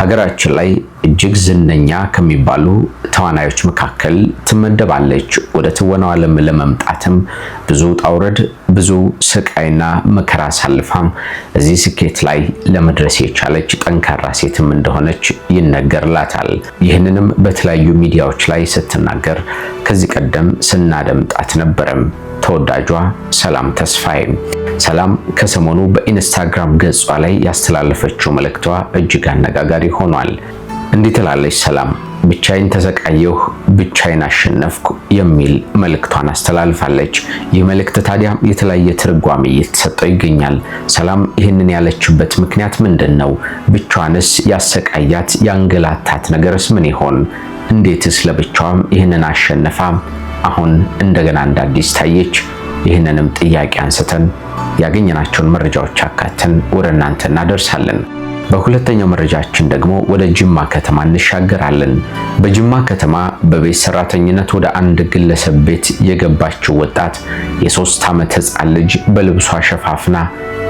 ሀገራችን ላይ እጅግ ዝነኛ ከሚባሉ ተዋናዮች መካከል ትመደባለች። ወደ ትወናው ዓለም ለመምጣትም ብዙ ጣውረድ፣ ብዙ ስቃይና መከራ አሳልፋም እዚህ ስኬት ላይ ለመድረስ የቻለች ጠንካራ ሴትም እንደሆነች ይነገርላታል። ይህንንም በተለያዩ ሚዲያዎች ላይ ስትናገር ከዚህ ቀደም ስናደምጣት ነበረም። ተወዳጇ ሰላም ተስፋዬ። ሰላም ከሰሞኑ በኢንስታግራም ገጿ ላይ ያስተላለፈችው መልእክቷ እጅግ አነጋጋሪ ሆኗል። እንዲህ ትላለች ሰላም ብቻዬን ተሰቃየሁ፣ ብቻዬን አሸነፍኩ የሚል መልእክቷን አስተላልፋለች። ይህ መልእክት ታዲያ የተለያየ ትርጓሜ እየተሰጠው ይገኛል። ሰላም ይህንን ያለችበት ምክንያት ምንድን ነው? ብቻዋንስ ያሰቃያት ያንገላታት ነገርስ ምን ይሆን? እንዴትስ ለብቻዋም ይህንን አሸነፋ አሁን እንደገና እንደ አዲስ ታየች? ይህንንም ጥያቄ አንስተን ያገኘናቸውን መረጃዎች አካተን ወደ እናንተ እናደርሳለን። በሁለተኛው መረጃችን ደግሞ ወደ ጅማ ከተማ እንሻገራለን። በጅማ ከተማ በቤት ሰራተኝነት ወደ አንድ ግለሰብ ቤት የገባችው ወጣት የሶስት ዓመት ህፃን ልጅ በልብሷ ሸፋፍና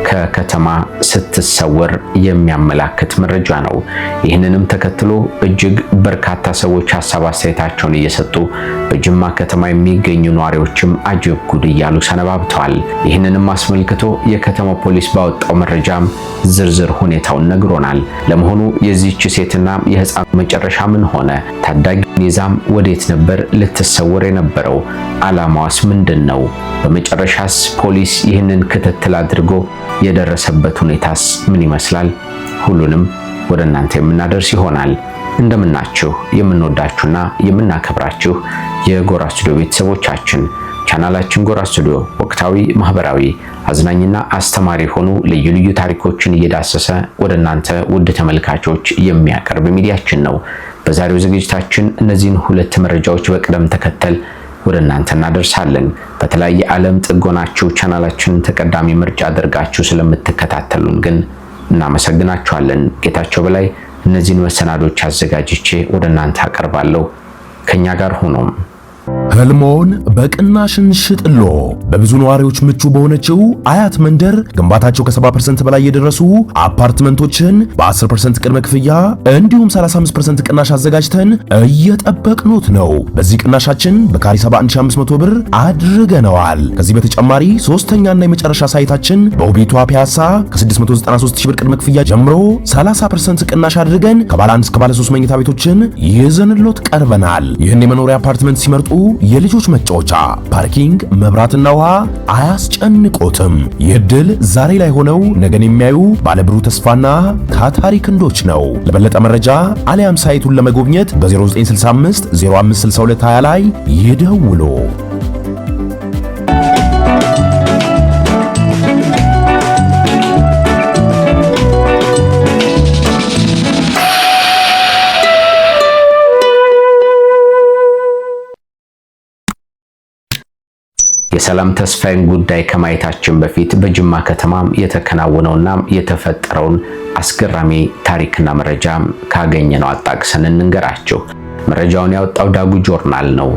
ከከተማ ስትሰወር የሚያመላክት መረጃ ነው። ይህንንም ተከትሎ እጅግ በርካታ ሰዎች ሀሳብ አስተያየታቸውን እየሰጡ በጅማ ከተማ የሚገኙ ነዋሪዎችም አጀብ ጉድ እያሉ ሰነባብተዋል። ይህንንም አስመልክቶ የከተማው ፖሊስ ባወጣው መረጃም ዝርዝር ሁኔታውን ነግሯል። ነግሮናል። ለመሆኑ የዚህች ሴትና የህፃን መጨረሻ ምን ሆነ? ታዳጊ ኒዛም ወዴት ነበር ልትሰወር የነበረው? ዓላማዋስ ምንድን ነው? በመጨረሻስ ፖሊስ ይህንን ክትትል አድርጎ የደረሰበት ሁኔታስ ምን ይመስላል? ሁሉንም ወደ እናንተ የምናደርስ ይሆናል። እንደምናችሁ የምንወዳችሁና የምናከብራችሁ የጎራ ስቱዲዮ ቤተሰቦቻችን ቻናላችን ጎራ ስቱዲዮ ወቅታዊ፣ ማህበራዊ፣ አዝናኝና አስተማሪ የሆኑ ልዩ ልዩ ታሪኮችን እየዳሰሰ ወደ እናንተ ውድ ተመልካቾች የሚያቀርብ ሚዲያችን ነው። በዛሬው ዝግጅታችን እነዚህን ሁለት መረጃዎች በቅደም ተከተል ወደ እናንተ እናደርሳለን። በተለያየ ዓለም ጥጎናችሁ ቻናላችንን ተቀዳሚ ምርጫ አድርጋችሁ ስለምትከታተሉን ግን እናመሰግናችኋለን። ጌታቸው በላይ እነዚህን መሰናዶች አዘጋጅቼ ወደ እናንተ አቀርባለሁ። ከኛ ጋር ሆኖም ህልሞን በቅናሽን ሽጥሎ በብዙ ነዋሪዎች ምቹ በሆነችው አያት መንደር ግንባታቸው ከ70% በላይ የደረሱ አፓርትመንቶችን በ10% ቅድመ ክፍያ እንዲሁም 35% ቅናሽ አዘጋጅተን እየጠበቅኑት ነው። በዚህ ቅናሻችን በካሬ 71500 ብር አድርገነዋል። ከዚህ በተጨማሪ ሶስተኛና የመጨረሻ ሳይታችን በውቢቷ ፒያሳ ከ693000 ብር ቅድመ ክፍያ ጀምሮ 30% ቅናሽ አድርገን ከባለ አንድ እስከ ባለ 3 መኝታ ቤቶችን ይዘንሎት ቀርበናል። ይህን የመኖሪያ አፓርትመንት ሲመርጡ የልጆች መጫወቻ፣ ፓርኪንግ፣ መብራትና ውሃ አያስጨንቆትም። ይህ ዛሬ ላይ ሆነው ነገን የሚያዩ ባለብሩህ ተስፋና ታታሪ ክንዶች ነው። ለበለጠ መረጃ አሊያም ሳይቱን ለመጎብኘት በ0965 ላይ ይደውሉ። የሰላም ተስፋዬን ጉዳይ ከማየታችን በፊት በጅማ ከተማ የተከናወነውና የተፈጠረውን አስገራሚ ታሪክና መረጃ ካገኘነው አጣቅሰን እንንገራችሁ። መረጃውን ያወጣው ዳጉ ጆርናል ነው።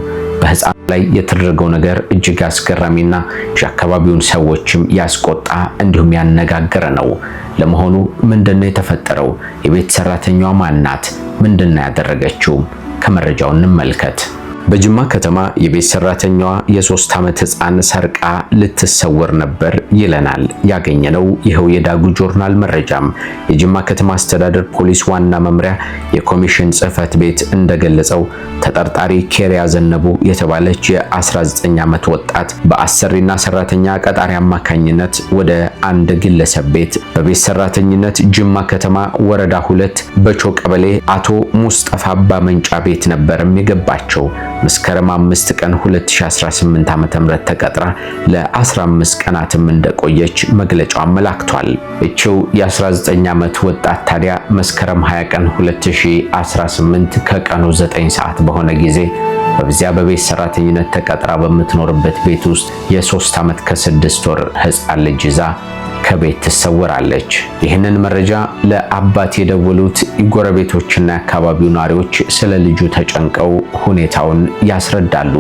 በህፃን ላይ የተደረገው ነገር እጅግ አስገራሚና የአካባቢውን ሰዎችም ያስቆጣ እንዲሁም ያነጋገረ ነው። ለመሆኑ ምንድነው የተፈጠረው? የቤት ሰራተኛዋ ማናት? ምንድነው ያደረገችው? ከመረጃው እንመልከት። በጅማ ከተማ የቤት ሰራተኛዋ የሶስት ዓመት ህፃን ሰርቃ ልትሰወር ነበር ይለናል ያገኘነው ይኸው የዳጉ ጆርናል መረጃም። የጅማ ከተማ አስተዳደር ፖሊስ ዋና መምሪያ የኮሚሽን ጽህፈት ቤት እንደገለጸው ተጠርጣሪ ኬሪያ ዘነቡ የተባለች የ19 ዓመት ወጣት በአሰሪና ሰራተኛ ቀጣሪ አማካኝነት ወደ አንድ ግለሰብ ቤት በቤት ሰራተኝነት ጅማ ከተማ ወረዳ ሁለት በቾ ቀበሌ አቶ ሙስጠፋ አባ መንጫ ቤት ነበር የገባቸው። መስከረም 5 ቀን 2018 ዓ.ም ተቀጥራ ለ15 ቀናትም እንደቆየች መግለጫው አመላክቷል። እቺው የ19 ዓመት ወጣት ታዲያ መስከረም 20 ቀን 2018 ከቀኑ 9 ሰዓት በሆነ ጊዜ በዚያ በቤት ሰራተኝነት ተቀጥራ በምትኖርበት ቤት ውስጥ የሶስት ዓመት ከስድስት ወር ህፃን ልጅ ይዛ ከቤት ትሰወራለች። ይህንን መረጃ ለአባት የደወሉት ጎረቤቶችና የአካባቢው ነዋሪዎች ስለ ልጁ ተጨንቀው ሁኔታውን ያስረዳሉ።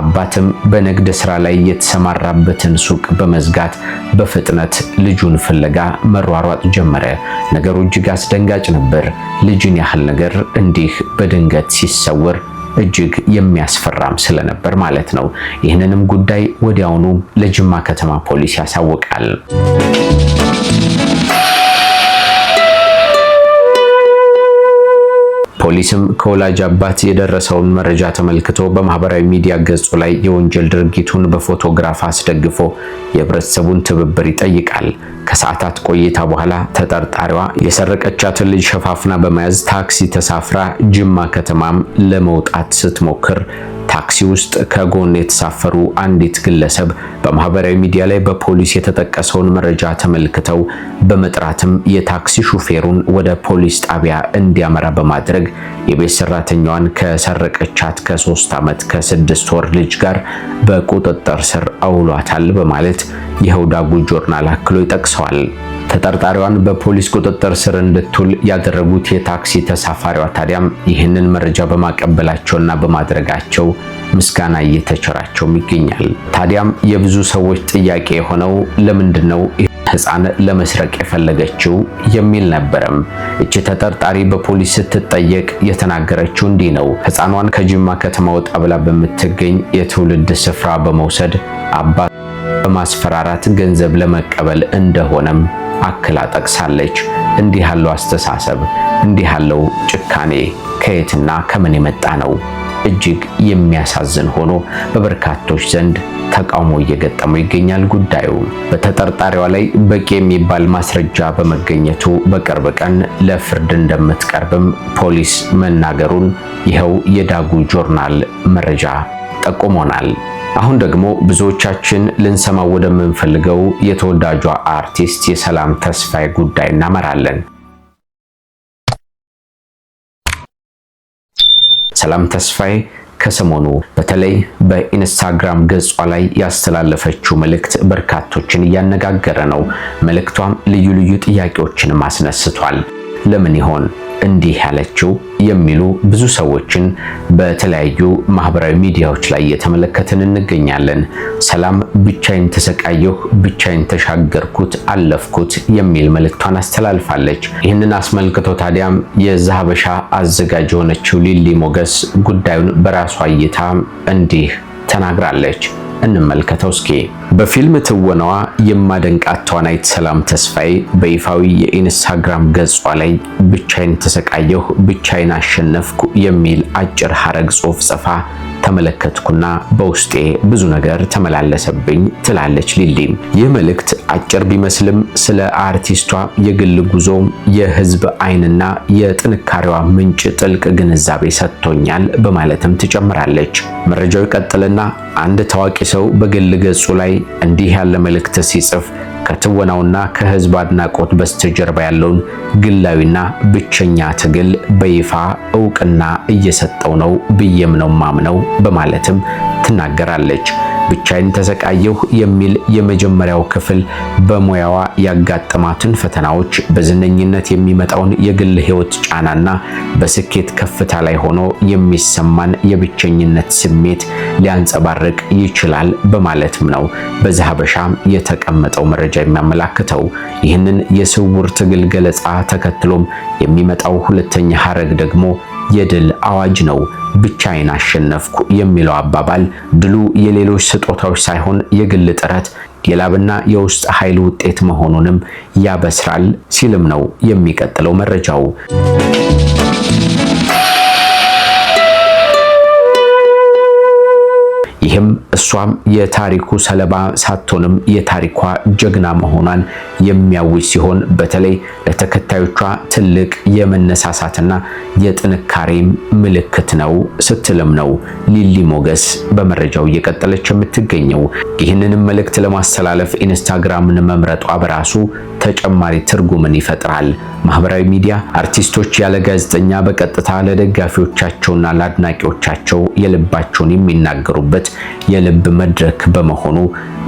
አባትም በንግድ ስራ ላይ የተሰማራበትን ሱቅ በመዝጋት በፍጥነት ልጁን ፍለጋ መሯሯጥ ጀመረ። ነገሩ እጅግ አስደንጋጭ ነበር። ልጅን ያህል ነገር እንዲህ በድንገት ሲሰወር እጅግ የሚያስፈራም ስለነበር ማለት ነው። ይህንንም ጉዳይ ወዲያውኑ ለጅማ ከተማ ፖሊስ ያሳውቃል። ፖሊስም ከወላጅ አባት የደረሰውን መረጃ ተመልክቶ በማህበራዊ ሚዲያ ገጹ ላይ የወንጀል ድርጊቱን በፎቶግራፍ አስደግፎ የህብረተሰቡን ትብብር ይጠይቃል። ከሰዓታት ቆይታ በኋላ ተጠርጣሪዋ የሰረቀቻትን ልጅ ሸፋፍና በመያዝ ታክሲ ተሳፍራ ጅማ ከተማም ለመውጣት ስትሞክር ታክሲ ውስጥ ከጎን የተሳፈሩ አንዲት ግለሰብ በማህበራዊ ሚዲያ ላይ በፖሊስ የተጠቀሰውን መረጃ ተመልክተው በመጥራትም የታክሲ ሹፌሩን ወደ ፖሊስ ጣቢያ እንዲያመራ በማድረግ የቤት ሰራተኛዋን ከሰረቀቻት ከሶስት ዓመት ከስድስት ወር ልጅ ጋር በቁጥጥር ስር አውሏታል በማለት የሁዳጉ ጆርናል አክሎ ይጠቅሰዋል። ተጠርጣሪዋን በፖሊስ ቁጥጥር ስር እንድትውል ያደረጉት የታክሲ ተሳፋሪዋ ታዲያም ይህንን መረጃ በማቀበላቸውና በማድረጋቸው ምስጋና እየተቸራቸውም ይገኛል። ታዲያም የብዙ ሰዎች ጥያቄ የሆነው ለምንድን ነው ህፃን ለመስረቅ የፈለገችው የሚል ነበረም። እቺ ተጠርጣሪ በፖሊስ ስትጠየቅ የተናገረችው እንዲህ ነው። ህፃኗን ከጅማ ከተማ ወጣ ብላ በምትገኝ የትውልድ ስፍራ በመውሰድ አባት በማስፈራራት ገንዘብ ለመቀበል እንደሆነም አክላ ጠቅሳለች። እንዲህ ያለው አስተሳሰብ፣ እንዲህ ያለው ጭካኔ ከየትና ከምን የመጣ ነው? እጅግ የሚያሳዝን ሆኖ በበርካቶች ዘንድ ተቃውሞ እየገጠመው ይገኛል። ጉዳዩ በተጠርጣሪዋ ላይ በቂ የሚባል ማስረጃ በመገኘቱ በቅርብ ቀን ለፍርድ እንደምትቀርብም ፖሊስ መናገሩን ይኸው የዳጉ ጆርናል መረጃ ጠቁሞናል። አሁን ደግሞ ብዙዎቻችን ልንሰማው ወደምንፈልገው የተወዳጇ አርቲስት የሰላም ተስፋዬ ጉዳይ እናመራለን። ሰላም ተስፋዬ ከሰሞኑ በተለይ በኢንስታግራም ገጿ ላይ ያስተላለፈችው መልእክት በርካቶችን እያነጋገረ ነው። መልእክቷም ልዩ ልዩ ጥያቄዎችን አስነስቷል። ለምን ይሆን እንዲህ ያለችው የሚሉ ብዙ ሰዎችን በተለያዩ ማህበራዊ ሚዲያዎች ላይ እየተመለከትን እንገኛለን። ሰላም ብቻዬን ተሰቃየሁ፣ ብቻዬን ተሻገርኩት፣ አለፍኩት የሚል መልእክቷን አስተላልፋለች። ይህንን አስመልክቶ ታዲያም የዛሀበሻ አዘጋጅ የሆነችው ሊሊ ሞገስ ጉዳዩን በራሷ እይታ እንዲህ ተናግራለች። እንመልከተው እስኪ። በፊልም ትወናዋ የማደንቃት ተዋናይት ሰላም ተስፋዬ በይፋዊ የኢንስታግራም ገጿ ላይ ብቻዬን ተሰቃየሁ፣ ብቻዬን አሸነፍኩ የሚል አጭር ሀረግ ጽሑፍ ጽፋ ተመለከትኩና በውስጤ ብዙ ነገር ተመላለሰብኝ ትላለች ሊሊም። ይህ መልእክት አጭር ቢመስልም ስለ አርቲስቷ የግል ጉዞም የህዝብ ዓይንና የጥንካሬዋ ምንጭ ጥልቅ ግንዛቤ ሰጥቶኛል በማለትም ትጨምራለች። መረጃው ይቀጥልና አንድ ታዋቂ ሰው በግል ገጹ ላይ እንዲህ ያለ መልእክት ሲጽፍ ከትወናውና ከህዝብ አድናቆት በስተጀርባ ያለውን ግላዊና ብቸኛ ትግል በይፋ እውቅና እየሰጠው ነው ብዬም ነው ማምነው በማለትም ትናገራለች። ብቻዬን ተሰቃየሁ የሚል የመጀመሪያው ክፍል በሙያዋ ያጋጠማትን ፈተናዎች፣ በዝነኝነት የሚመጣውን የግል ጫና ጫናና በስኬት ከፍታ ላይ ሆኖ የሚሰማን የብቸኝነት ስሜት ሊያንጸባርቅ ይችላል በማለትም ነው በዚህ ሀበሻ የተቀመጠው መረጃ የሚያመላክተው። ይህንን የስውር ትግል ገለጻ ተከትሎም የሚመጣው ሁለተኛ ሀረግ ደግሞ የድል አዋጅ ነው። ብቻዬን አሸነፍኩ የሚለው አባባል ድሉ የሌሎች ስጦታዎች ሳይሆን የግል ጥረት፣ የላብና የውስጥ ኃይል ውጤት መሆኑንም ያበስራል ሲልም ነው የሚቀጥለው መረጃው። ይህም እሷም የታሪኩ ሰለባ ሳትሆንም የታሪኳ ጀግና መሆኗን የሚያውጅ ሲሆን በተለይ ለተከታዮቿ ትልቅ የመነሳሳትና የጥንካሬም ምልክት ነው ስትልም ነው ሊሊ ሞገስ በመረጃው እየቀጠለች የምትገኘው። ይህንንም መልእክት ለማስተላለፍ ኢንስታግራምን መምረጧ በራሱ ተጨማሪ ትርጉምን ይፈጥራል። ማህበራዊ ሚዲያ አርቲስቶች ያለ ጋዜጠኛ በቀጥታ ለደጋፊዎቻቸውና ለአድናቂዎቻቸው የልባቸውን የሚናገሩበት የልብ መድረክ በመሆኑ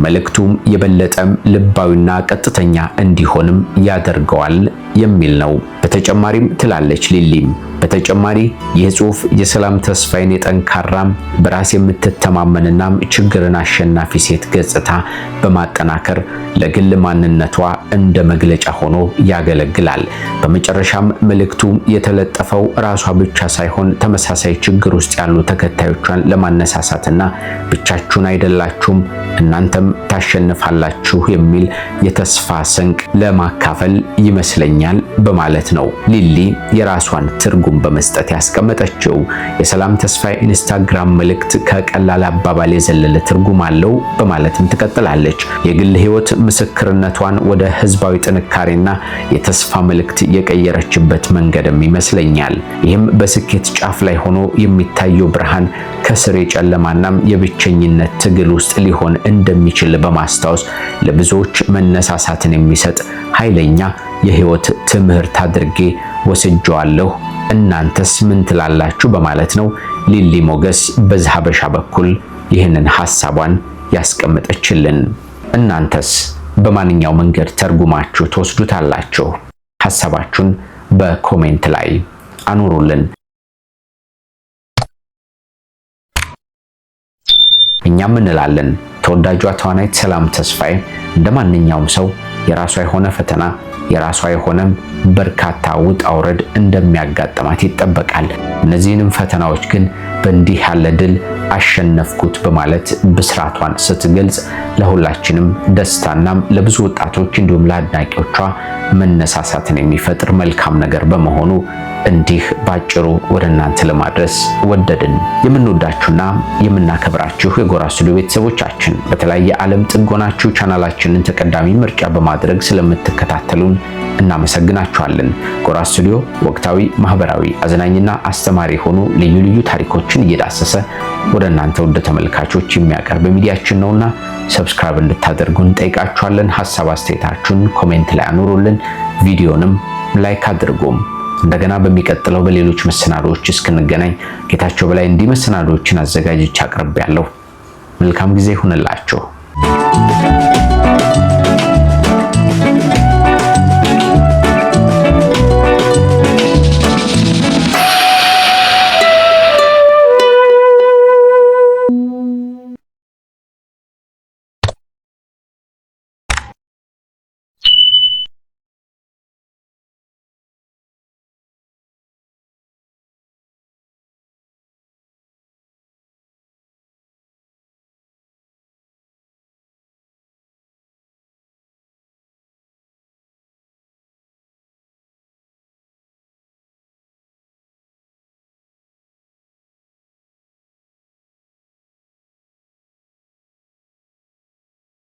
መልእክቱም የበለጠም ልባዊና ቀጥተኛ እንዲሆንም ያደርገዋል የሚል ነው። በተጨማሪም ትላለች ሊሊም በተጨማሪ ይህ ጽሁፍ የሰላም ተስፋዬን የጠንካራም በራስ የምትተማመንናም ችግርን አሸናፊ ሴት ገጽታ በማጠናከር ለግል ማንነቷ እንደ መግለጫ ሆኖ ያገለግላል። በመጨረሻም መልእክቱ የተለጠፈው ራሷ ብቻ ሳይሆን ተመሳሳይ ችግር ውስጥ ያሉ ተከታዮቿን ለማነሳሳትና ብቻችሁን አይደላችሁም እናንተም ታሸንፋላችሁ የሚል የተስፋ ሰንቅ ለማካፈል ይመስለኛል በማለት ነው ሊሊ የራሷን ትርጉም በመስጠት ያስቀመጠችው። የሰላም ተስፋ ኢንስታግራም መልእክት ከቀላል አባባል የዘለለ ትርጉም አለው በማለትም ትቀጥላለች። የግል ህይወት ምስክርነቷን ወደ ህዝባዊ ጥንካሬና የተስፋ መልእክት የቀየረችበት መንገድም ይመስለኛል። ይህም በስኬት ጫፍ ላይ ሆኖ የሚታየው ብርሃን ከስር የጨለማናም የብቸኝነት ትግል ውስጥ ሊሆን እንደሚችል በማስታወስ ለብዙዎች መነሳሳትን የሚሰጥ ኃይለኛ የህይወት ትምህርት አድርጌ ወስጄዋለሁ። እናንተስ ምን ትላላችሁ? በማለት ነው ሊሊ ሞገስ በዚህ ሀበሻ በኩል ይህንን ሐሳቧን ያስቀመጠችልን። እናንተስ በማንኛው መንገድ ተርጉማችሁ ትወስዱታላችሁ? ሐሳባችሁን በኮሜንት ላይ አኑሩልን። እኛም እንላለን። ተወዳጇ ተዋናይት ሰላም ተስፋዬ እንደ ማንኛውም ሰው የራሷ የሆነ ፈተና የራሷ የሆነም በርካታ ውጣ ውረድ እንደሚያጋጥማት ይጠበቃል። እነዚህንም ፈተናዎች ግን በእንዲህ ያለ ድል አሸነፍኩት በማለት ብስራቷን ስትገልጽ ለሁላችንም ደስታናም ለብዙ ወጣቶች እንዲሁም ለአድናቂዎቿ መነሳሳትን የሚፈጥር መልካም ነገር በመሆኑ እንዲህ ባጭሩ ወደ እናንተ ለማድረስ ወደድን። የምንወዳችሁና የምናከብራችሁ የጎራ ስቱዲዮ ቤተሰቦቻችን በተለያየ ዓለም ጥጎናችሁ ቻናላችንን ተቀዳሚ ምርጫ በማድረግ ስለምትከታተሉን እናመሰግናችኋለን። ጎራ ስቱዲዮ ወቅታዊ፣ ማህበራዊ፣ አዝናኝና አስተማሪ የሆኑ ልዩ ልዩ ታሪኮችን እየዳሰሰ ወደ እናንተ ወደ ተመልካቾች የሚያቀርብ ሚዲያችን ነውና ሰብስክራይብ እንድታደርጉ እንጠይቃችኋለን። ሀሳብ አስተያየታችሁን ኮሜንት ላይ አኑሩልን። ቪዲዮንም ላይክ አድርጉም። እንደገና በሚቀጥለው በሌሎች መሰናዶዎች እስክንገናኝ ጌታቸው በላይ እንዲህ መሰናዶዎችን አዘጋጅቼ አቅርቤያለሁ። መልካም ጊዜ ይሁንላችሁ።